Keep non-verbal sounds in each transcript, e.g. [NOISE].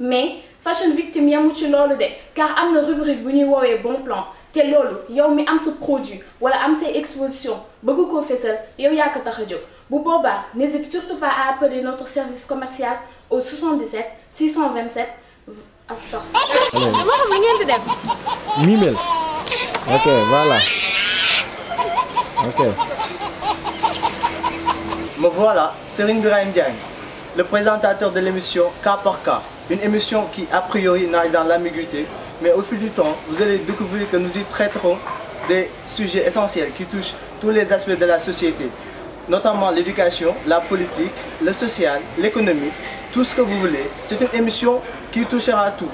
mais fashion victime yamu a loolu de car am na rubrique bu ñuy bon plan té lolo, yow mi am ce produit wala am ces exposition bëgg ko fesal yow ya ko tax a bu n'hésite surtout pas à appeler notre service commercial au 77 627 Moi, Comment li mimel ok voilà ok. Me voilà, Serigne Birahim Diagne, le présentateur de l'émission Cas par une émission qui, a priori, naît dans l'ambiguïté, mais au fil du temps, vous allez découvrir que nous y traiterons des sujets essentiels qui touchent tous les aspects de la société, notamment l'éducation, la politique, le social, l'économie, tout ce que vous voulez. C'est une émission qui touchera tout.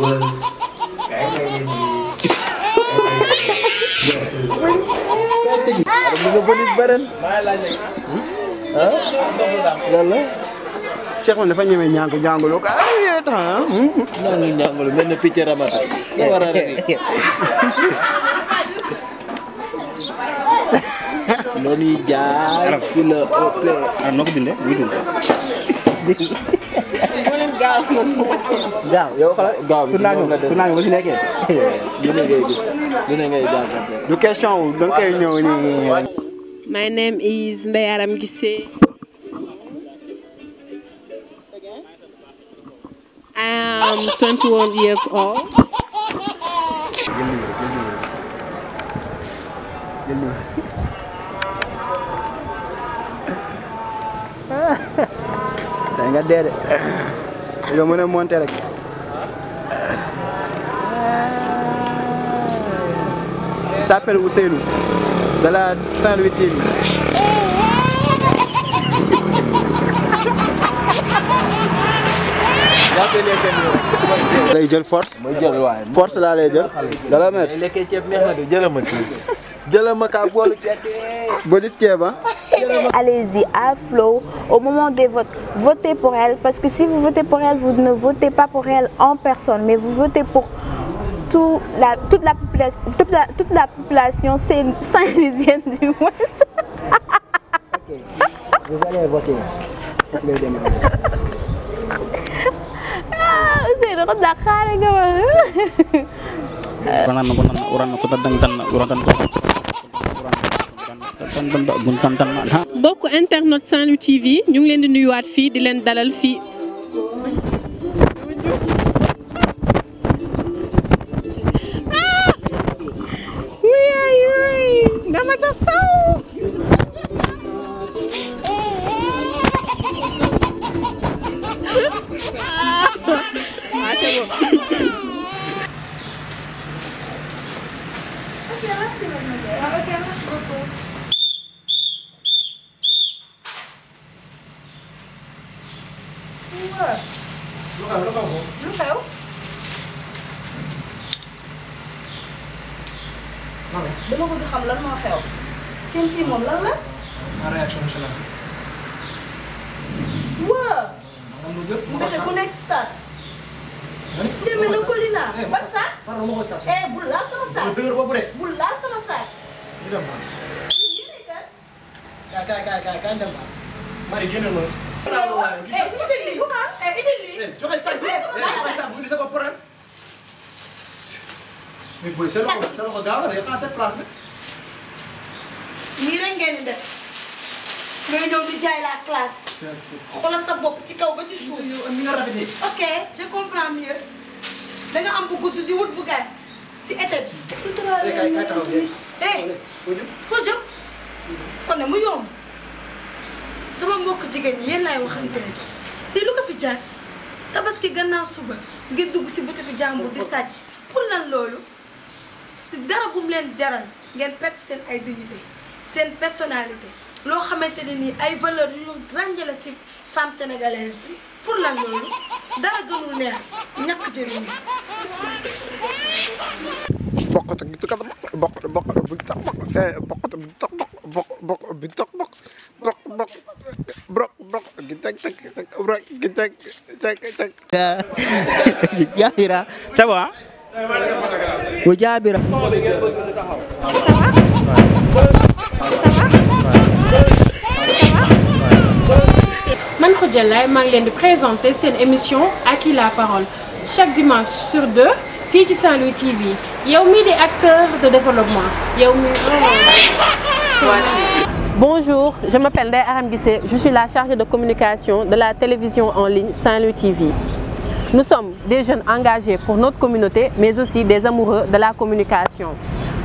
was mu nga bëlis dafa ñeme ñàngu ñàngulu ko ay yee tax ñàngu ñàngulu mel na picc ramata da war a rek noonu jaar fi la ëpp ah, [LAUGHS] gaaw gaaw yow xoolal gaaw ba ci nekkee. [LAUGHS] du question wu da nga koy ñëw My name is Ndeye Arame Guissé. I am years old. tey nga de nga mën a monter rek. s'appelle Ousseynou de la Saint-Louis TV. lay jël force. mooy jël waay force laa lay jël. dala met. ceeb Hein. Allez-y, à flow. Au moment des votes, votez pour elle. Parce que si vous votez pour elle, vous ne votez pas pour elle en personne, mais vous votez pour tout la, toute, la population, toute, la, toute la population saint-lésienne du Ouest. Ok, Vous allez voter. Ah, c'est drôle de la bokk internet Saint-Louis TV ñu ngi leen di nuyuwaat fii di leen dalal fii ah! dama sax waaw. lu xew lu xew moom. lu xew. mami. dama bëgg xam lan moo xew. seen fii moom lan la. ma réaction monsieur la. waaw. ma mu jël mu ko ku nekk stade. demee na Colina. Eh, ban sax man ma ko sax. bu laal sama sax. dëgër boobu rek. bu laal sama sax. ñu dem ba. kay kay kay kay dem ba. Marie génne ma. waaw gis nga gis nga comment. joxe sax bi gis nga ko problème. mais booy sa loxo sa loxo gaaw la day passé place nag. nii rek ngeen di def. ngay ñëw di jaay la classe. xoolal sa bopp ci kaw ba ci suuf. ni nga rafetee. ok je comprends mieux. da nga am bu gudd di wut bu gàtt. si état bi. surtout la. kay kay taxaw foo jëm kon ne mu yomb. sama mbokk jigéen ñi yéen laay waxanteel te lu ko fi jar tabaski gannaaw suba nga dugg si butiku jàmbur di sàcc pour lan loolu dara bu leen jaral ngeen perte seen ay dignité seen personnalité loo xamante ni nii ay valeur yu ñu ràññale si femme sénégalaise pour lan loolu dara gënul neex ñàkk jëriñu. bokkut bokk bokk bokk bi tax bokk. jaabira ça va. wa jaabira. man Khoudia Laye maa ngi di présenter cette émission à qui la parole chaque dimanche sur deux fii ci Saint-Louis TV yow mii di acteurs de développement yow mii. Bonjour, je m'appelle Day Aram je suis la chargée de communication de la télévision en ligne Saint-Louis TV. Nous sommes des jeunes engagés pour notre communauté, mais aussi des amoureux de la communication.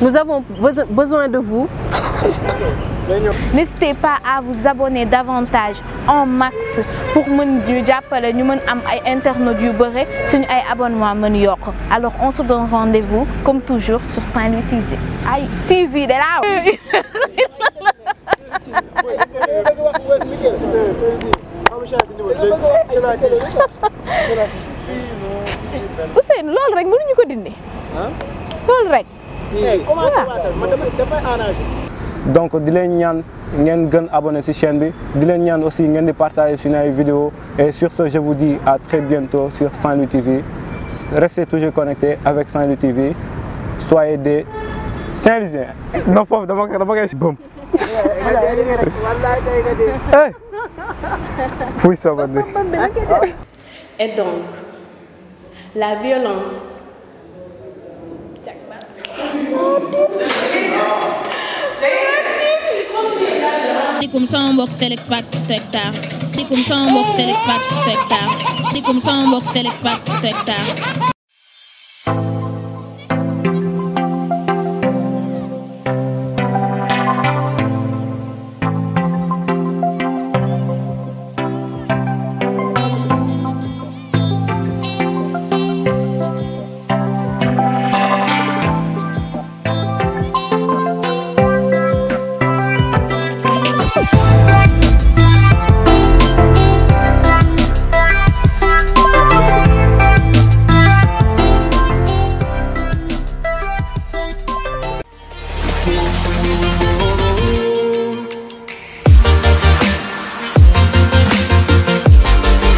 Nous avons besoin de vous. [LAUGHS] N'hésitez pas à vous abonner davantage en max pour nous jàppale ñu am internautes yu à alors on se donne rendez-vous comme toujours sur Saint-Louis TV TV de là [LAUGHS] Ousseynou [LAUGHS] loolu rek mënuñu ko dindi. loolu rek. Eh, donc di leen ñaan ngeen gën abonné ci chaîne bi di leen ñaan aussi ngeen di partager suñu ay vidéo et sur ce je vous dis à très bientôt sur Saint-Louis TV restez toujours connectés avec Saint-Louis TV soyez des Saint-Louisiens non foofu dama koy dama koy bëm. Eh. Et donc, la violence. comme ça comme ça